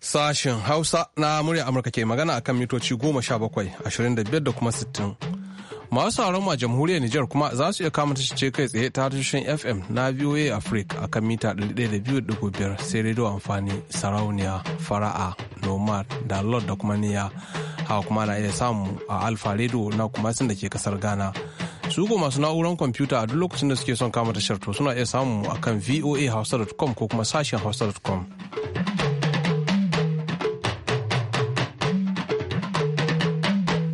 Sashen Hausa na murya Amurka ke magana a kan mitoci 17,25 da kuma 60. Masu sauran a jamhuriyar Nijar kuma za su iya kama ta ce kai tsaye ta tashoshin FM na VOA Africa a kan mita 102.5 sai rediyo amfani sarauniya fara'a nomad da lord da kuma niya. Hawa kuma na iya samu a Alfa Radio na kuma sun da ke kasar Ghana. su ko masu na'urar kwamfuta a duk lokacin da suke son kama tashar to suna iya samun mu a kan voahausa.com ko kuma sashen hausa.com.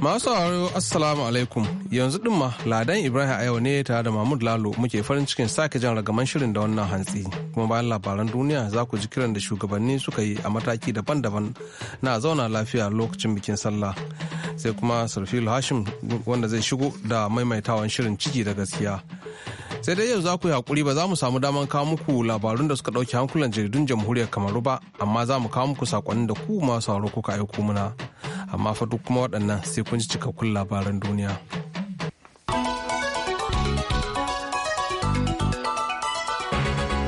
Masu sauraro Assalamu alaikum yanzu din ma Ladan Ibrahim a yau ne tare da Mahmud Lalo muke farin cikin sake jan ragaman shirin da wannan hantsi kuma bayan labaran duniya za ku ji kiran da shugabanni suka yi a mataki daban-daban na zauna lafiya lokacin bikin sallah. sai kuma sarfil hashim wanda zai shigo da maimaitawan shirin ciki da gaskiya sai dai yau za ku yi hakuri ba za mu samu daman kawo muku labarun da suka ɗauki hankulan jaridun jamhuriyar kamaru ba amma za mu kawo muku sakonnin da ku masu sauro kuka aiko muna amma fa duk kuma waɗannan sai kun ji cikakkun labaran duniya.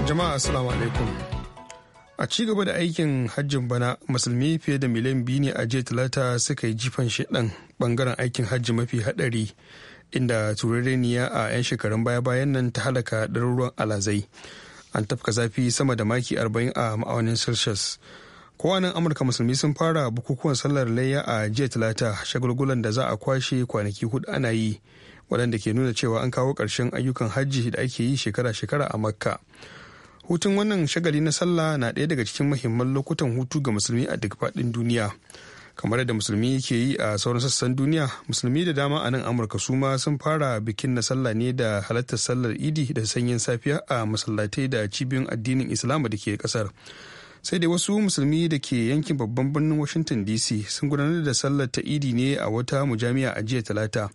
jama'a assalamu alaikum a ci gaba da aikin hajjin bana musulmi fiye da miliyan biyu ne a jiya talata suka yi jifan shaɗan bangaren aikin hajji mafi haɗari inda turereniya a 'yan shekarun baya-bayan nan ta halaka ɗaruruwan alazai an tafka zafi sama da maki 40 a ma'aunin celsius kowanan amurka musulmi sun fara bukukuwan sallar layya a jiya talata shagulgulan da za a kwashe kwanaki hudu ana yi waɗanda ke nuna cewa an kawo ƙarshen ayyukan hajji da ake yi shekara-shekara a makka hutun wannan shagali na sallah na ɗaya daga cikin mahimman lokutan hutu ga musulmi a duk faɗin duniya kamar da musulmi ke yi a sauran sassan duniya musulmi da dama a nan amurka su ma sun fara bikin na sallah ne da halartar sallar idi da sanyin safiya a masallatai da cibiyoyin addinin islam da ke kasar sai dai wasu musulmi da ke yankin babban birnin washington dc sun gudanar da sallar ta idi ne a wata mujami'a a jiya talata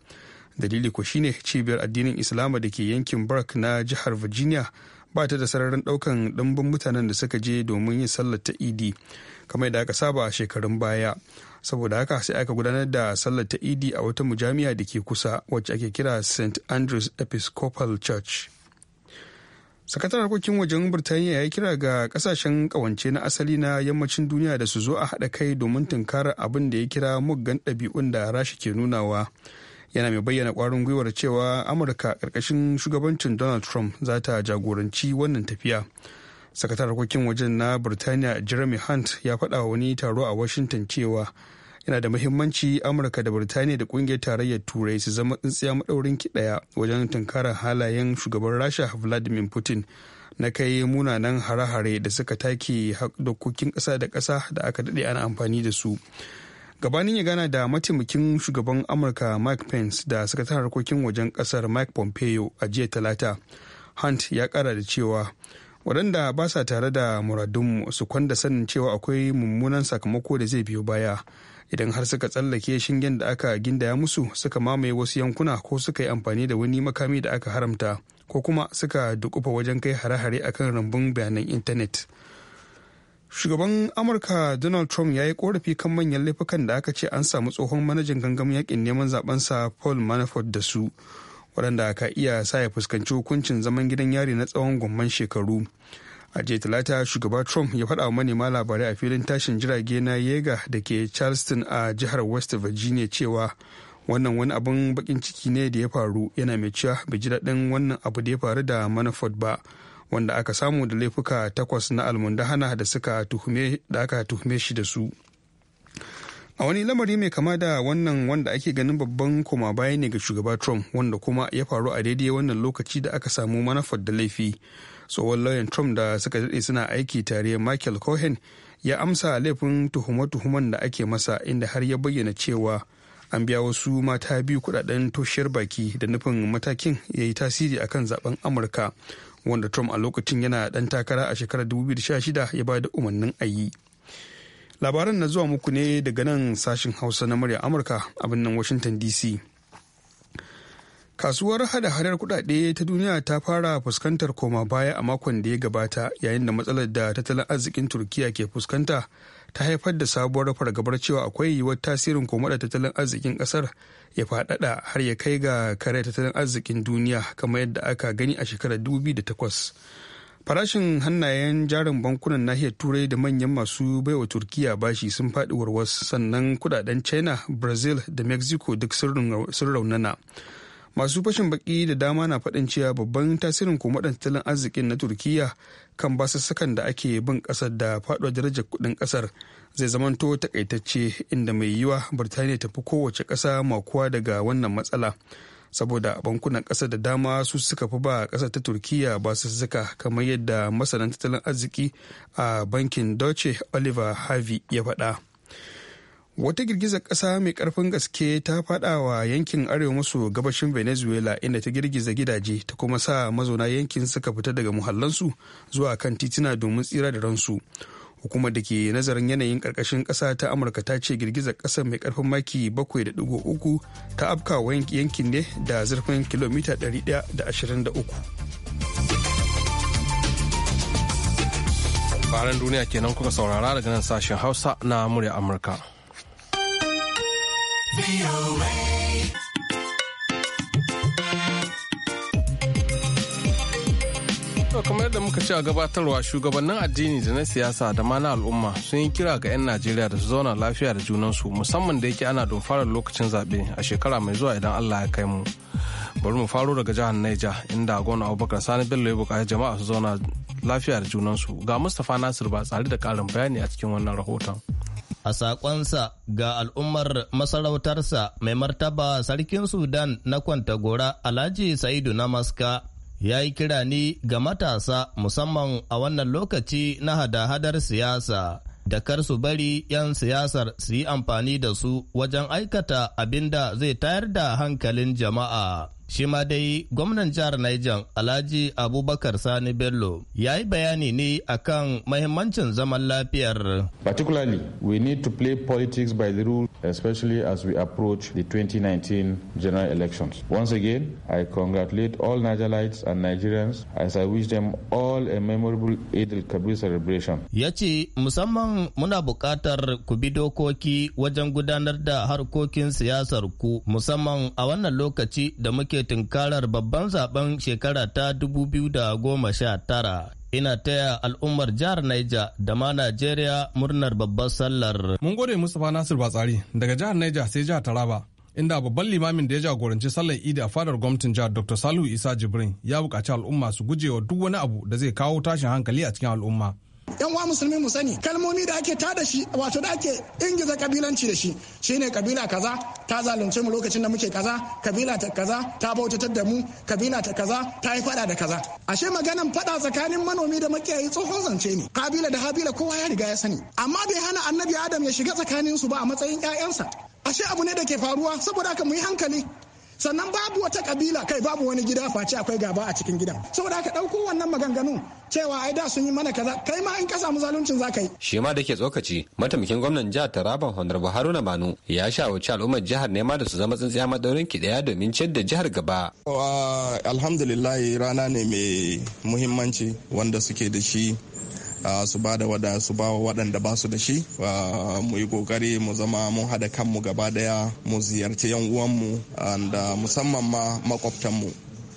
dalili ko shine cibiyar addinin islam da ke yankin bark na jihar virginia ba ta da sararin ɗaukan ɗimbin mutanen da suka je domin yin sallar ta idi kamar da aka saba shekarun baya saboda haka sai aka gudanar da sallar ta idi a wata mujamiya da ke kusa wacce ake kira st andrews episcopal church sakataren harkokin wajen birtaniya ya kira ga kasashen kawance na asali na yammacin duniya da su zo a haɗa kai domin tunkarar abin da ya kira muggan ɗabi'un da rashi ke nunawa yana mai bayyana kwarin gwiwar cewa amurka karkashin shugabancin donald trump za ta jagoranci wannan tafiya sakatar harkokin wajen na birtaniya jeremy hunt ya faɗa wani taro a washington cewa yana da muhimmanci amurka da birtaniya da kungiyar tarayyar turai su zama tsintsiya maɗaurin kiɗaya wajen tunkarar halayen shugaban rasha vladimir putin na kai munanan hare-hare da suka take dokokin ƙasa da ƙasa da aka daɗe ana amfani da su gabanin ya gana da mataimakin shugaban amurka mike pence da sakataren harkokin wajen kasar mike pompeo a jiya talata hunt ya kara da cewa waɗanda ba sa tare da muradunmu su kwanda sanin cewa akwai mummunan sakamako da zai biyo baya idan har suka tsallake shingen da aka gindaya musu suka mamaye wasu yankuna ko suka yi amfani da wani makami da aka haramta ko kuma suka dukufa wajen kai hare-hare akan rambun bayanan intanet. shugaban amurka donald trump ya yi korafi kan manyan laifukan da aka ce an samu tsohon manajan gangamin yakin neman sa paul manafort da su waɗanda ka iya sa ya fuskanci hukuncin zaman gidan yari na tsawon gomman shekaru a jiya talata shugaba trump ya faɗa wa manema labarai a filin tashin jirage na yega da ke charleston a jihar west virginia cewa wannan wani abin bakin ciki ne da ya faru yana mai cewa bai ji daɗin wannan abu da ya faru da manafort ba wanda aka samu da laifuka takwas na almundahana da suka tuhume da aka tuhume shi da su a wani lamari mai kama da wannan wanda ake ganin babban koma baya ne ga shugaba trump wanda kuma ya faru a daidai wannan lokaci da aka samu manafar da laifi tsohon lauyan trump da suka daɗe suna aiki tare michael cohen ya amsa laifin tuhume-tuhumen da ake masa inda har ya bayyana cewa an biya wasu mata biyu kudaden toshiyar baki da nufin matakin ya yi tasiri akan zaben amurka wanda trump a lokacin yana dan takara a shekarar 2016 ya ba da umarnin ayi. labaran na zuwa muku ne daga nan sashen hausa na murya amurka a birnin washington dc kasuwar hada-hadar kudade ta duniya ta fara fuskantar koma baya a makon da ya gabata yayin da matsalar da tattalin arzikin turkiya ke fuskanta ta haifar da sabuwar fargabar cewa akwai yiwuwar tasirin koma da tattalin arzikin kasar ya faɗaɗa har ya kai ga kare tattalin arzikin duniya kamar yadda aka gani a shekarar da takwas. farashin hannayen jarin bankunan nahiyar turai da manyan masu baiwa turkiya bashi sun faɗi warwas sannan kudaden china brazil da mexico duk sun raunana masu fashin baki da dama na faɗin cewa babban tasirin komaɗan tattalin arzikin na turkiya kan basussukan da ake bin ƙasar da faɗuwar darajar kuɗin ƙasar zai zamanto takaitacce inda mai yiwa birtaniya fi kowace ƙasa makuwa daga wannan matsala saboda bankunan ƙasa da dama su suka fi ba ƙasa ta turkiya ba su suka kamar yadda masanan tattalin arziki a bankin deutsche oliver harvey ya faɗa wata girgizar ƙasa mai ƙarfin gaske ta faɗa wa yankin arewa maso gabashin venezuela inda ta girgiza gidaje ta kuma sa mazauna yankin suka fita daga muhallansu zuwa kan titina domin tsira da ransu hukumar da ke nazarin yanayin karkashin kasa ta amurka ta ce girgizar kasar mai karfin maki 7.3 ta afkawa yankin ne da zurfin kilomita 123 Baran duniya kenan kuka saurara daga nan sashen Hausa na murya Amurka. so kamar yadda muka ci a gabatarwa shugabannin addini da na siyasa da ma na al'umma sun yi kira ga 'yan najeriya da su zauna lafiya da junansu musamman da yake ana don fara lokacin zaɓe a shekara mai zuwa idan allah ya kai mu bari mu faro daga jihar naija inda gona abubakar sani bello ya buƙaci jama'a su zauna lafiya da junansu ga mustapha nasir ba tsari da ƙarin bayani a cikin wannan rahoton a sakonsa ga al'ummar masarautarsa mai martaba sarkin sudan na kwantagora alhaji sa'idu na maska ya yi kira ne ga matasa musamman a wannan lokaci na hada-hadar siyasa da kar su bari 'yan siyasar su yi amfani da su wajen aikata abin da zai tayar da hankalin jama'a. Shi ma dai gwamnan jihar Niger Alhaji Abubakar Sani Bello ya yi bayani ne akan mahimmancin zaman lafiyar. Particularly, we need to play politics by the rule, especially as we approach the 2019 general elections. Once again, I congratulate all Nigerites and Nigerians as I wish them all a memorable Eid al-Kabir celebration. Ya ce musamman muna buƙatar ku bi dokoki wajen gudanar da harkokin siyasar ku musamman a wannan lokaci da muke ke tunkarar babban zaben shekara ta 2019 ina taya al'ummar jihar Niger da ma Najeriya murnar babbar sallar. Mun gode Mustapha Nasir Batsari daga jihar Niger sai jihar Taraba. Inda babban limamin da ya jagoranci sallar idi a fadar gwamnatin jihar Dr. Salihu Isa Jibrin ya buƙaci al'umma su gujewa duk wani abu da zai kawo tashin hankali a cikin al'umma. yan wa musulmi mu sani kalmomi da ake tada shi wato da ake ingiza kabilanci da shi shi ne kabila kaza ta zalunce mu lokacin da muke kaza kabila ta kaza ta bautatar da mu kabila ta kaza ta yi fada da kaza ashe maganan fada tsakanin manomi da makiyayi tsohon zance ne kabila da habila kowa ya riga ya sani amma bai hana annabi adam ya shiga tsakanin su ba a matsayin ƴaƴansa ashe abu ne da ke faruwa saboda haka mu yi hankali sannan babu wata kabila kai babu wani gida face akwai gaba a cikin gidan saboda haka ɗauko wannan maganganu cewa ai da sun yi mana kaza kai ma in ka samu zaluncin za ka yi. shi ma da ke tsokaci mataimakin gwamnan jihar taraban honorable haruna manu ya shawarci al'ummar jihar nema da su zama tsintsiya madaurin ki daya domin ciyar da jihar gaba. alhamdulillah rana ne mai muhimmanci wanda suke da shi su ba da wada su ba wa waɗanda ba su da shi mu yi kokari mu zama mun hada kanmu gaba daya mu ziyarci yan uwanmu da musamman ma makwabtanmu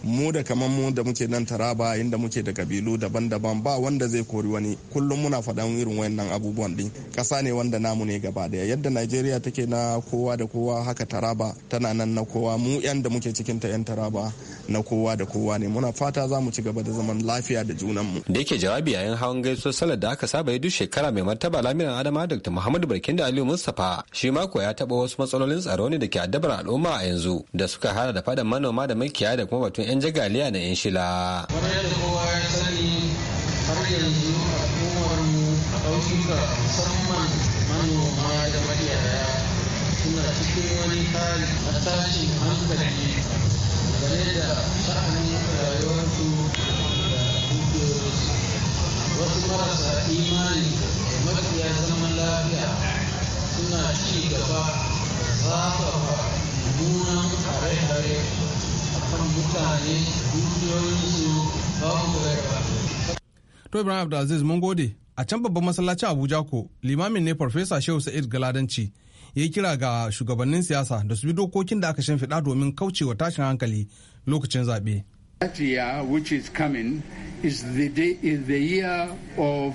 mu da kamar mu da muke nan taraba inda muke da kabilu daban-daban ba wanda zai kori wani kullum muna faɗan irin wayannan abubuwan din ƙasa ne wanda namu ne gaba daya yadda najeriya take na kowa da kowa haka taraba tana nan na kowa mu yan da muke cikin ta yan taraba na kowa da kowa ne muna fata za mu ci gaba da zaman lafiya da junan mu da yake jawabi yayin hawan gaisuwar salar da aka saba yi shekara mai martaba lamiran adama dr muhammadu barkin da aliyu mustapha shi mako ya taɓa wasu matsalolin tsaro ne da ke addabar al'umma a yanzu da suka hada da faɗan manoma da makiya da kuma batun 'yan jagaliya na 'yan shila. har yanzu al'ummarmu a ƙauyuka musamman manoma da makiyaya suna cikin wani hali na tashi To Ibrahim Abdulaziz mun gode. A can babban masallacin Abuja ko limamin ne Farfesa Shehu Sa'id Galadanci ya yi kira ga shugabannin siyasa da su bi dokokin da aka shimfiɗa domin kaucewa tashin hankali lokacin zaɓe. That year, which is coming, is the, day, is the year of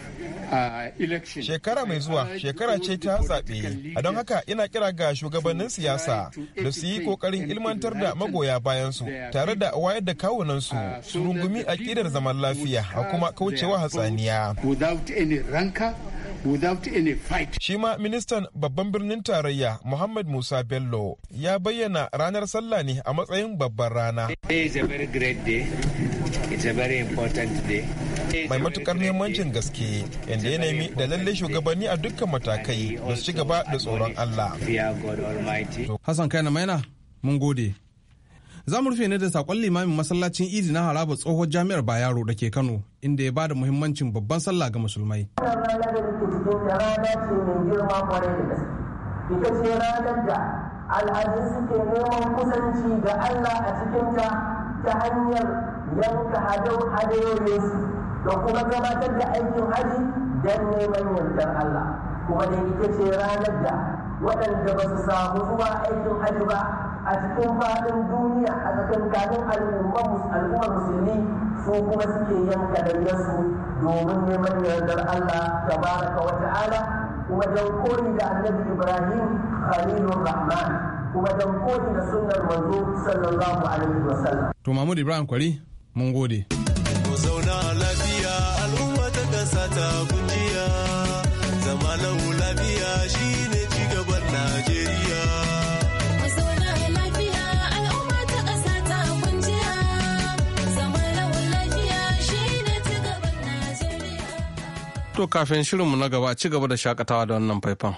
uh, Shekara mai zuwa shekara ce ta zaɓe, a don haka ina kira ga shugabannin siyasa da su yi ƙoƙarin ilmantar da magoya bayansu tare da wayar da kawunansu uh, su rungumi aƙidar zaman lafiya a kuma kaucewa hatsaniya. without any fight. Shi ma ministan babban birnin tarayya Muhammad Musa Bello ya bayyana ranar sallah ne a matsayin babban rana. Mai matukar muhimmancin gaske inda ya nemi da lalle shugabanni a dukkan matakai da su ci gaba da tsoron Allah. Hassan Kaina Maina, mun gode. Za mu rufe ne da sakon limamin masallacin Idi na haraba tsohon jami'ar Bayero da ke Kano inda ya bada muhimmancin babban sallah ga musulmai. Ita ce ranar da al'adu suke neman kusanci ga Allah a cikinta ta hanyar yanka hadayoyinsu da kuma gabatar da aikin haji don neman yantar Allah. Kuma da ita ce ranar da waɗanda ba su samu zuwa aikin hajji ba a cikin faɗin duniya a tsakankanin al'ummar al'ummar musulmi su kuma suke yanka da dangarsu domin neman yardar Allah tabaraka wa ta'ala kuma don koyi da annabi Ibrahim Khalilur Rahman kuma don koyi da sunnar manzo sallallahu alaihi wasallam to Mahmud Ibrahim Kwari mun gode zauna To kafin shirinmu na gaba ci gaba da shakatawa da wannan faifan.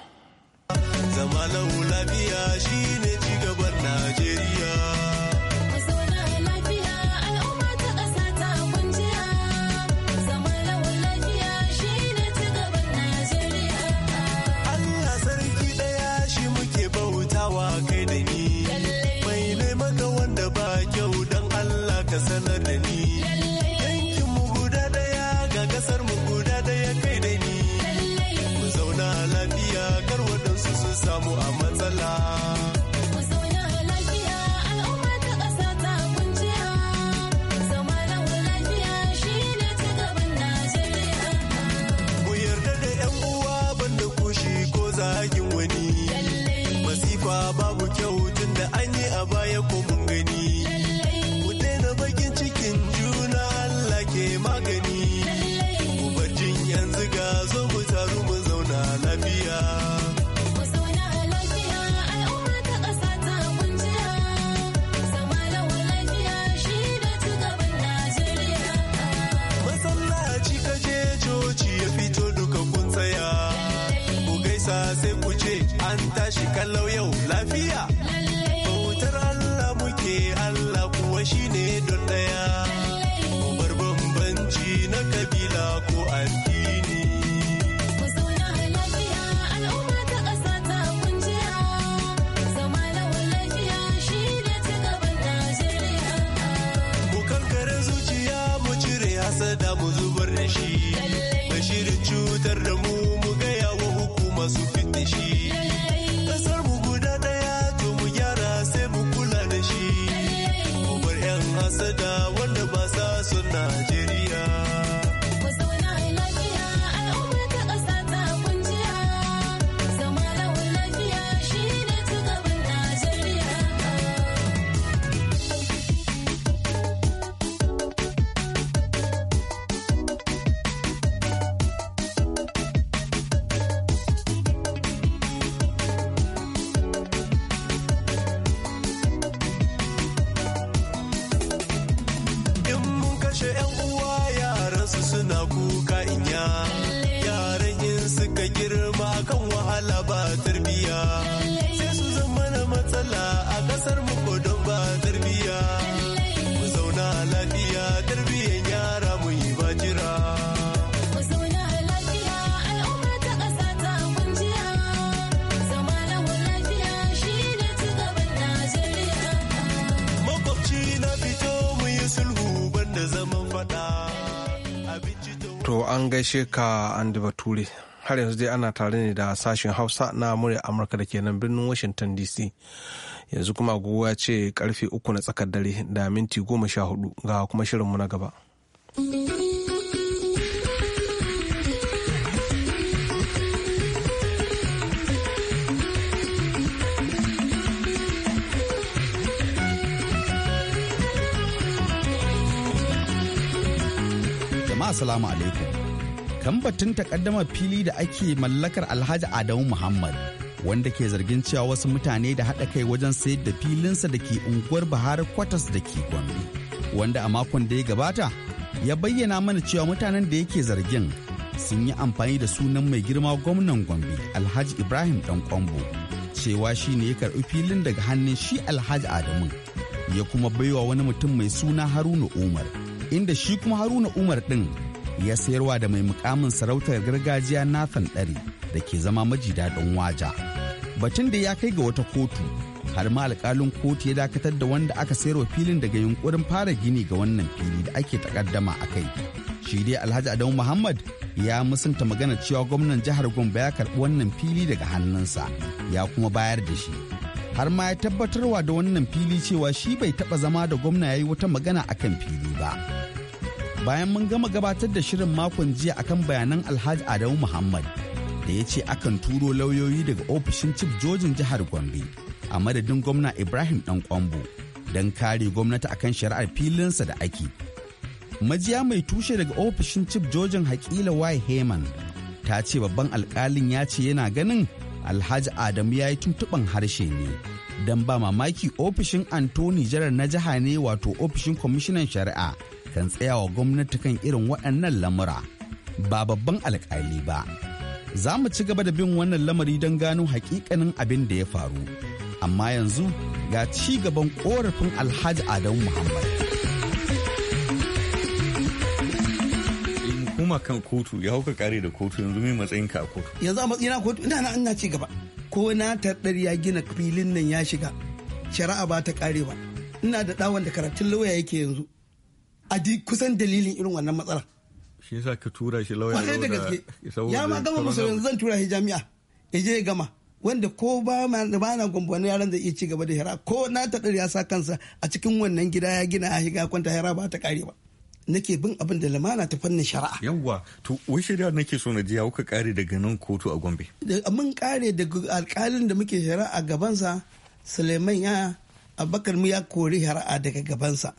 sai ku ce an tashi kallau yau lafiya. Bautar Allah muke Allah kuwa shi ne don ɗaya. Bar bambanci na kabila ko addini. an gaishe ka an bature har yanzu dai ana tare ne da sashen hausa na murya amurka da ke nan birnin washington dc yanzu kuma agogo ya ce karfe uku na tsakar dare da minti goma sha hudu ga kuma shirinmu na gaba jama'a salamu alaikum kan batun takaddama fili da ake mallakar alhaji adamu muhammad wanda ke zargin cewa wasu mutane da haɗa kai wajen sayar da filinsa da ke unguwar bahar kwatas da ke gombe wanda a makon da ya gabata ya bayyana mana cewa mutanen da yake zargin sun yi amfani da sunan mai girma gwamnan gombe alhaji ibrahim dan kwambo cewa shi ne ya karɓi filin daga hannun shi alhaji adamu ya kuma baiwa wani mutum mai suna haruna umar inda shi kuma haruna umar ɗin ya sayarwa da mai mukamin sarautar gargajiya Nathan Dare da ke zama maji dadin waja. Batun da ya kai ga wata kotu, har ma alƙalin kotu ya dakatar da wanda aka sayarwa filin daga yunkurin fara gini ga wannan fili da ake takaddama a kai. Shi dai Alhaji Adamu Muhammad ya musanta magana cewa gwamnan jihar Gombe ya karɓi wannan fili daga hannunsa ya kuma bayar da shi. Har ma ya tabbatarwa da wannan fili cewa shi bai taɓa zama da gwamna ya yi wata magana akan fili ba. bayan mun gama gabatar da shirin makon jiya akan bayanan alhaji adamu muhammad da ya ce akan turo lauyoyi daga ofishin cif jojin jihar gombe a madadin gwamna ibrahim dan kwambo don kare gwamnati akan shari'ar filinsa da ake majiya mai tushe daga ofishin cif jojin hakila y heman ta ce babban alkalin ya ce yana ganin alhaji adamu ya yi tuntuɓan harshe ne don ba mamaki ofishin antoni jarar na jiha ne wato ofishin kwamishinan shari'a kan tsayawa gwamnati kan irin waɗannan lamura ba babban alƙali ba za mu ci gaba da bin wannan lamari don gano hakikanin abin da ya faru amma yanzu ga ci gaban ƙorafin alhaji adamu muhammad kuma kan kotu ya hauka kare da kotu yanzu mai matsayin ka a kotu yanzu a matsayin kotu ina na ina ci gaba ko na tardar ya gina filin nan ya shiga shari'a ba ta kare ba ina da ɗawan da karatun lauya yake yanzu a kusan dalilin irin wannan matsalar shi yasa ka tura shi lauya kwarai da gaske ya ma gama musu yanzu zan tura shi jami'a ya je ya gama wanda ko ba ma na wani yaran zai iya ci gaba da hira ko na ta ya sa kansa a cikin wannan gida ya gina a higa kwanta hira ba ta kare ba nake bin abin da lamana ta fannin shari'a yawwa to wai shari'a nake so na jiya ya kuka kare daga nan kotu a gombe mun kare daga alkalin da muke shari'a gabansa suleiman ya abakar mu ya kori shari'a daga gabansa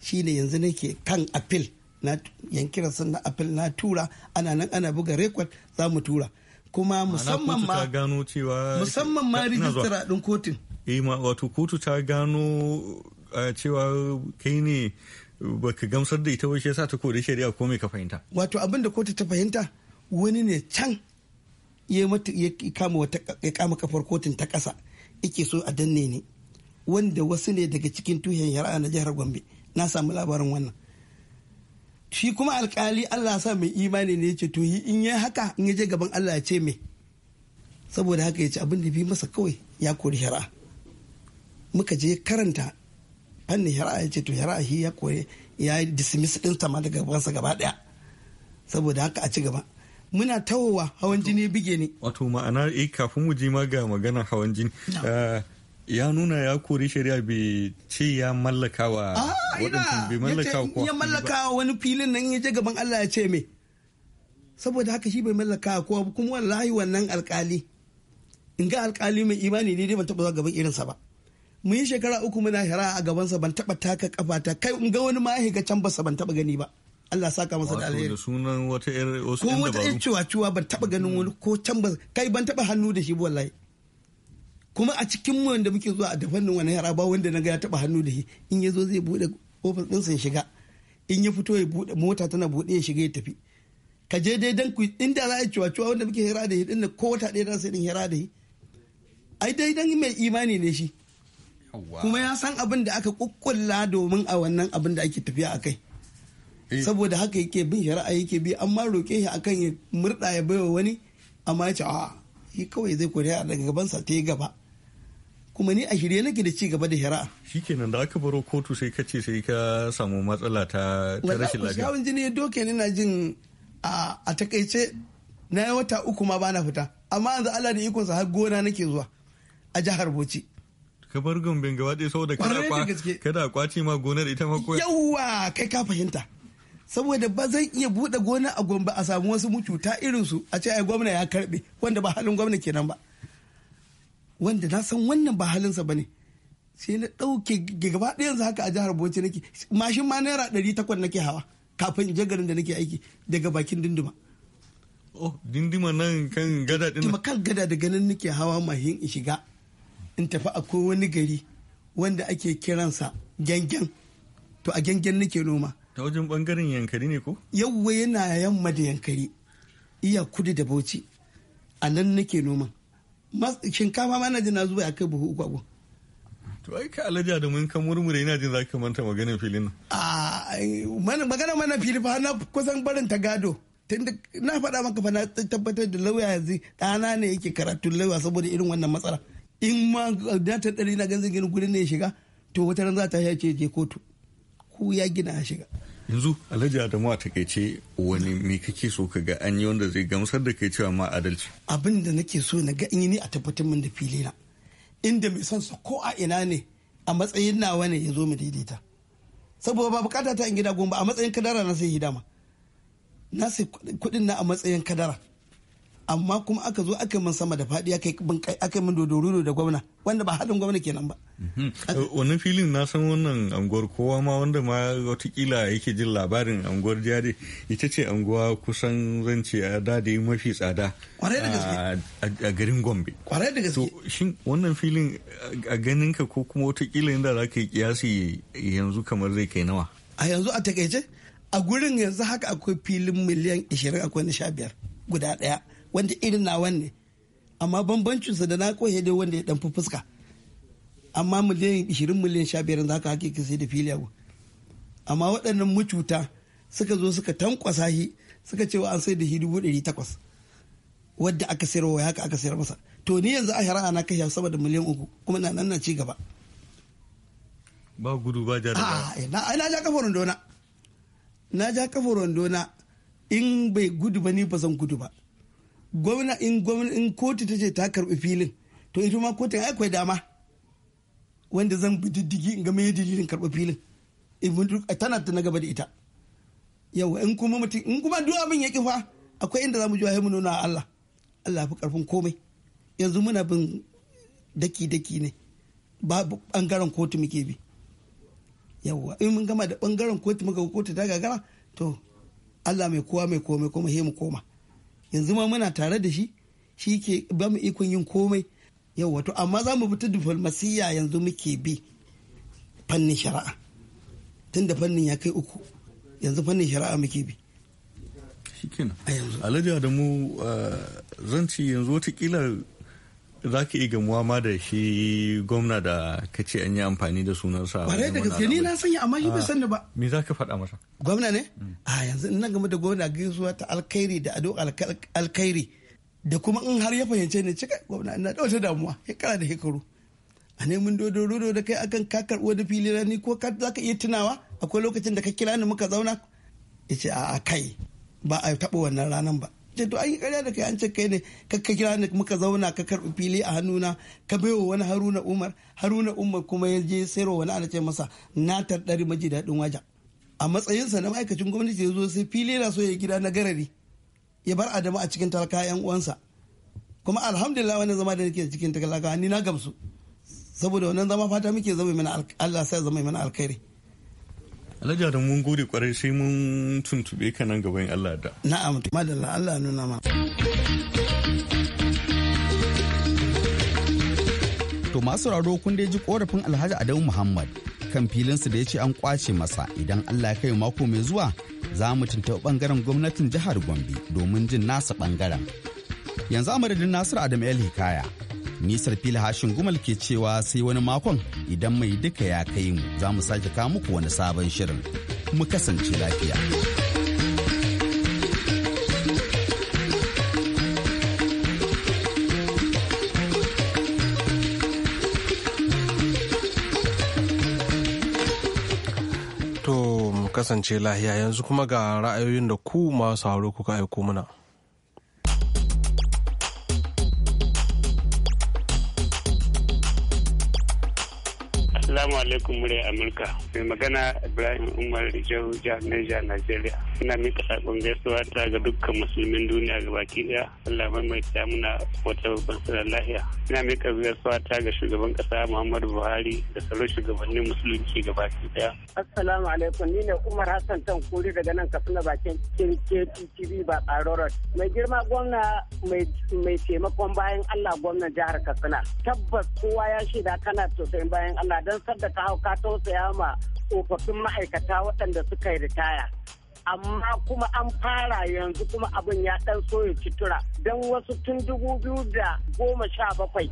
shine yanzu nake kan apil na yankiran na apil na tura ana nan ana buga record za mu tura kuma musamman ma gano cewa musamman ma rijistara din kotun eh ma wato kotu ta gano cewa kai ne baka gamsar da ita wai shi yasa ta kore shari'a ko me ka fahimta wato abin da kotu ta fahimta wani ne can ya kama wata ya kama kafar kotun ta kasa yake so a danne ne wanda wasu ne daga cikin tuhen yara na jihar Gombe na samu labarin wannan shi kuma alkali Allah sa mai imani ne ce to in yi haka in je gaban Allah ya ce mai saboda haka ya ce abin da bi masa kawai ya kori shari'a muka je karanta fannin shari'a ya ce to shari'a shi ya kori ya dismiss din ta daga gabansa gaba daya saboda haka a ci gaba muna tawowa hawan jini bige ne wato ma'ana eh kafin mu ji ma ga maganar hawan jini ya nuna ya kori shari'a bai ce ya mallaka wa ah, waɗansu bai mallaka wa ya mallaka wani filin nan ya je gaban Allah ya ce me saboda haka shi bai mallaka kowa kuma wallahi wannan alkali in ga alkali mai imani ne dai ban taba zuwa gaban irinsa ba mu yi shekara uku muna hira a gabansa ban taba taka kafata kai in ga wani mahaika can basa ban taba gani ba Allah saka masa da alheri sunan wata irin wasu ko wata yar ciwa ciwa ban taba ganin wani ko can ba kai ban taba hannu da shi wallahi kuma a cikin mu wanda muke zuwa a fannin wani yara ba wanda na ga ya taba hannu da shi in ya zo zai bude ofis ɗinsa ya shiga in ya fito ya bude mota tana bude ya shiga ya tafi ka je dai dan ku inda za a yi ciwa wanda muke hira da shi din ko wata ɗaya za su din hira da shi ai dai dan mai imani ne shi kuma ya san abin da aka kukkulla domin a wannan abin da ake tafiya a kai eh. saboda haka yake bin shari'a yake bi amma roƙe shi akan ya murda ya baiwa wani amma ya ce a shi kawai zai kore a daga gabansa ta yi gaba kuma ni a shirye nake da ci gaba da shari'a kenan da aka baro kotu sai ka ce sai ka samu matsala ta rashin lafiya wallahi jini ya doke ni na jin a takaice na yi wata uku ma bana fita amma yanzu Allah da ikonsa har gona nake zuwa a jihar Bauchi ka bar gumbin gaba ɗaya saboda kada kwa kwaci ma gonar ita ma koyi yawa kai ka fahimta saboda ba zan iya buɗe gona a gombe a samu wasu ta irin su a ce ai gwamna ya karbe wanda ba halin gwamna kenan ba wanda na san wannan ba halinsa ba ne sai na ɗauke gaba ɗayan za haka a jihar bauchi nake mashin ma naira ɗari takwas nake hawa kafin in je garin da nake aiki daga bakin dinduma. oh dinduma nan kan gada din kan gada da ganin nake hawa mahin in shiga in tafi akwai wani gari wanda ake kiransa gyangen to a gyangen nake noma ta wajen bangaren yankari ne ko yawwa yana yamma da yankari iya kudu da bauchi a nan nake noma shinkafa ma na jin na zuba ya kai buhu uku abu to ai ka alaja da mun kan murmure ina jin ka manta maganin filin ah, na. a magana mana fili fa na kusan barin ta gado tunda na faɗa maka fa na tabbatar da lauya yanzu ɗana ne yake karatun lauya saboda irin wannan matsala in ma ta ɗari na ganzin gini gudun ne ya shiga to wata ran za ta ya ce je kotu ku ya gina ya shiga yanzu alhaji adamu a takaice wani me kake so ka ga an yi wanda zai gamsar da kai cewa ma adalci abin da nake so na ga in yi ni a tabbatar min da fili na inda mai son sa ko a ina ne a matsayin nawa ne ya zo mu daidaita saboda ba bukata ta in gida gomba a matsayin kadara na sai hidama na sai kudin na a matsayin kadara amma kuma aka zo aka min sama da faɗi aka min dodoro da gwamna wanda ba haɗin gwamna kenan ba. Mhm. Eh, wannan filin na san wannan anguwar kowa ma wanda ma watakila yake jin labarin anguwar jade ita ce anguwa kusan zance a dade mafi tsada. Kwarai da gaske. A garin Gombe. Kwarai da gaske. Shin wannan filin a ganin ka ko kuma watakila inda za ka yi kiyasi yanzu kamar zai kai nawa? A yanzu a takaice a gurin yanzu haka akwai filin miliyan 20 akwai na 15 guda ɗaya. wanda irin na ne amma bambancinsa da na kohe dai wanda ya dan fi fuska amma miliyan 20 miliyan 15 za ka hakika sai da fili abu amma waɗannan mucuta suka zo suka tankwasa shi suka cewa an sai da shi dubu ɗari takwas wadda aka sayarwa haka aka sayar masa to ni yanzu a shari'a na kashe sama da miliyan uku kuma na nan na ci gaba ba gudu ba ja na ja kafa rondona na ja kafa rondona in bai gudu ba ni ba zan gudu ba gwamna in gwamna in kotu ta ce ta karbi filin to ita ma kotun ai akwai dama wanda zan bi diddigi in ga me dalilin karɓi filin tana ta na gaba da ita yau in kuma mutum in kuma duk abin ya kifa akwai inda zamu jiwa mu nuna Allah Allah fi karfin komai yanzu muna bin daki daki ne babu bangaren kotu muke bi yawwa in mun gama da bangaren kotu muka kotu ta gagara to Allah mai kowa mai komai kuma he mu koma yanzu ma muna tare da shi shi ke ba mu ikon yin komai yau wato amma za mu fita diflomasiyya yanzu muke bi fannin shari'a tun da fannin ya kai uku yanzu fannin shari'a muke bi yanzu alhaji adamu eh, zan ce yanzu watakila za ka iya gamuwa ma da shi gwamna da ka ce an yi amfani da sunansa ba da gaske ni na sanya amma shi bai ah, sani ba me za ka faɗa masa gwamna ne hmm. a yanzu ina game da gwamna gaisuwa ta alkhairi da ado alkhairi da kuma in har ya fahimce ni cika gwamna ina da wata damuwa kara da hekaru a neman dodo rodo da kai akan ka karɓi wani fili ni ko ka za ka iya tunawa akwai lokacin da ka kira ni muka zauna ya ce a kai ba a taɓa wannan ranar ba ce to an yi ƙarya da kai an ce kai ne ka kira ni muka zauna ka karbi fili a hannuna ka baiwa wani haruna umar haruna umar kuma ya je sayarwa wani ana ce masa na tarɗari maji daɗin waja a matsayinsa na ma'aikacin gwamnati ya zo sai fili na so ya gida na garari ya bar adamu a cikin talaka yan uwansa kuma alhamdulillah wani zama da nake cikin talaka ni na gamsu saboda wannan zama fata muke zama mana Allah sai zama mana alkhairi Alhaji Adamu mun gode kwarai sai mun tuntube ka nan gaban Allah da. Na'am, madalla Allah nuna ma. To masu sauraro kun dai ji korafin Alhaji Adamu Muhammad kan filinsu da ya ce an kwace masa idan Allah ya kai mako mai zuwa za mu tuntuɓi bangaren gwamnatin jihar Gombe domin jin nasa bangaren. Yanzu a madadin Nasiru Adamu El Hikaya Nisar fili hashin gumal ke cewa sai wani makon idan mai duka ya kai mu za mu sake kawo muku wani sabon shirin. Mu kasance lafiya. To mu kasance lahiya yanzu kuma ga ra'ayoyin da ku masu hauro kuka aiko mana. alaikum murya Amurka. Mai magana Ibrahim Umar jihar Niger Nigeria. ina mika sakon gaisuwa ta ga dukkan musulmin duniya ga baki daya Allah maimaita muna wata babban sanar lahiya ina mika gaisuwa ta ga shugaban kasa Muhammadu Buhari da sauran shugabannin musulunci ga baki daya assalamu alaikum ni ne Umar Hassan Tankuri daga nan Katsina bakin KTV ba Barorot mai girma gwamna mai taimakon bayan Allah gwamnan jihar Katsina tabbas kowa ya shaida kana sosai bayan Allah don sadda ka hau ka tausaya ma tsofaffin ma'aikata waɗanda suka yi ritaya amma kuma an fara yanzu kuma abin ya dan soya citura don wasu tun dubu biyu da goma sha bakwai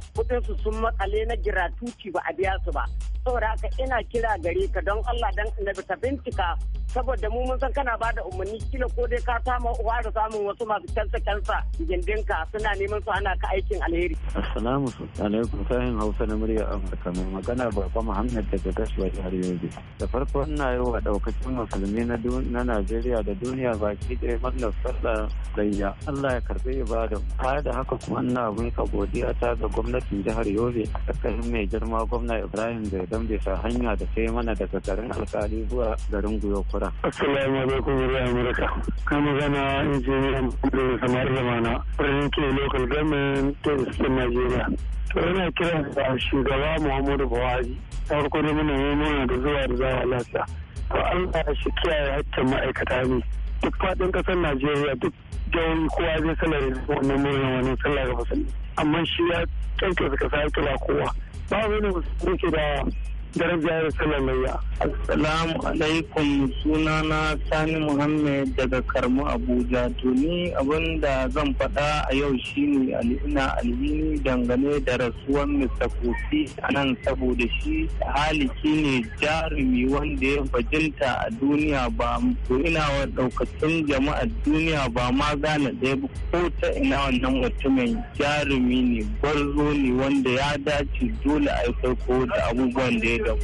su sun makale na giratuci ba a biya su ba saboda haka ina kira gare ka don Allah dan annabi ta bincika saboda mu mun san kana ba da umarni kila ko dai ka samu uwa da samun wasu masu kansa kansa gindinka suna neman su ana ka aikin alheri assalamu alaikum sahin hausa na murya amurka mai magana ba kuma muhammad daga kasuwar jihar yobe da farko ina yi wa daukacin musulmi na najeriya Najeriya da duniya baki ɗaya mallar sallah gayya. Allah ya karɓi ibada. Baya da haka kuma ina miƙa godiya ta ga gwamnatin jihar Yobe a tsakanin mai girma gwamna Ibrahim Zaidan, bisa hanya da sai mana daga garin alkali zuwa garin Guyokura. Assalamu alaikum wa Amurka. Ka magana injiniyan Muhammadu Samar Zamana. Birnin ke local government ta Najeriya. To yana kiran da shugaba Muhammadu Buhari. Farko da muna yi da zuwa da zawa lafiya. To Allah shi kiyaye hakkin ma'aikata makami um, duk faɗin ƙasar najeriya duk jawoyi kowa zai sallar wannan murnar wani sallah da musulmi amma shi ya kankasa kasa ya kira kowa ba wani musulmi ke da darajar salamayya assalamu alaikum sunana sani muhammed daga karmu abuja to ni abin da zan faɗa a yau shine al'ina alhini dangane da rasuwan mr kofi a nan saboda shi haliki ne jarumi wanda ya bajinta a duniya ba to ina wa ɗaukacin jama'ar duniya ba ma gane ɗaya ba ko ta ina wannan mutumin jarumi ne gwarzo ne wanda ya dace dole a yi da abubuwan da ya Instagram.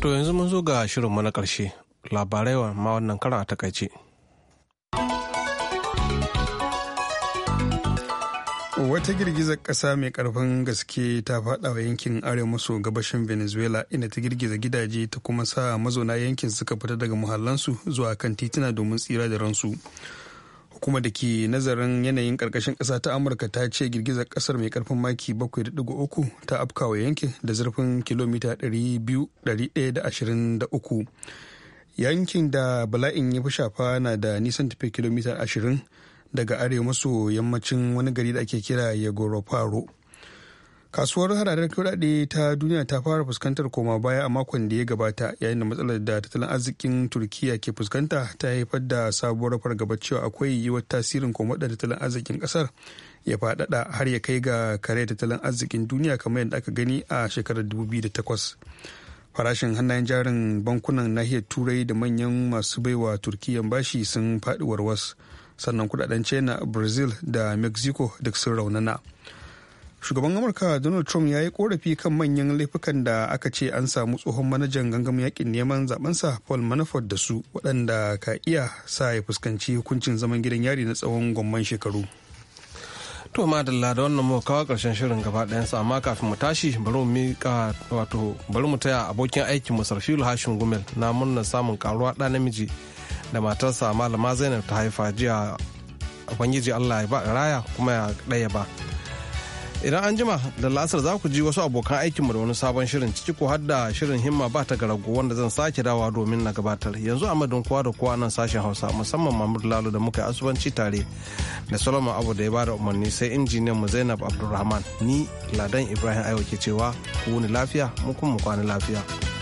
To yanzu mun zo ga shirinmu na ƙarshe labarai ma wannan karan a takaice. Wata girgizar ƙasa mai ƙarfin gaske ta faɗa yankin arewa maso gabashin Venezuela inda ta girgiza gidaje ta kuma sa mazauna yankin suka fita daga muhallansu zuwa kan tituna domin tsira da ransu. kuma da ke nazarin yanayin karkashin ƙasa ta amurka ta ce girgizar ƙasar mai karfin maki 7.3 ta afkawa yankin da zurfin kilomita 223 yankin da bala'in ya fi shafa na da nisan tafi kilomita 20 daga arewa maso yammacin wani gari da ake kira yagoroparo kasuwar hadarar kuɗaɗe ta duniya ta fara fuskantar koma baya a makon da ya gabata yayin da matsalar da tattalin arzikin turkiya ke fuskanta ta haifar da sabuwar fargabar cewa akwai yiwuwar tasirin koma da tattalin arzikin kasar ya faɗaɗa har ya kai ga kare tattalin arzikin duniya kamar yadda aka gani a shekarar 2008 farashin hannayen jarin bankunan nahiyar turai da manyan masu baiwa turkiyyan bashi sun faɗi warwas sannan kudaden china brazil da mexico duk sun raunana shugaban amurka donald trump ya yi korafi kan manyan laifukan da aka ce an samu tsohon manajan gangamin yakin neman zabensa paul manafort da su waɗanda ka iya sa ya fuskanci hukuncin zaman gidan yari na tsawon gwamman shekaru to madalla da wannan mu kawo karshen shirin gaba ɗayansa amma kafin mu tashi bari mu mika wato bari mu taya abokin aikin mu sarfilu hashin gumel na murna samun karuwa ɗa namiji da matarsa malama zainab ta haifa jiya ubangiji allah ya ba raya kuma ya ɗaya ba idan an jima da la'asar za ku ji wasu abokan aikinmu da wani sabon shirin ciki ko har shirin himma ba ta garago wanda zan sake dawa domin na gabatar yanzu a madin kowa da kowa nan sashen hausa musamman mahmud lalo da muka asubanci tare da solomon abu da ya bada umarni sai injiniyan mu zainab abdulrahman ni ladan ibrahim aiwa ke cewa ku wuni lafiya mu kuma mu kwana lafiya.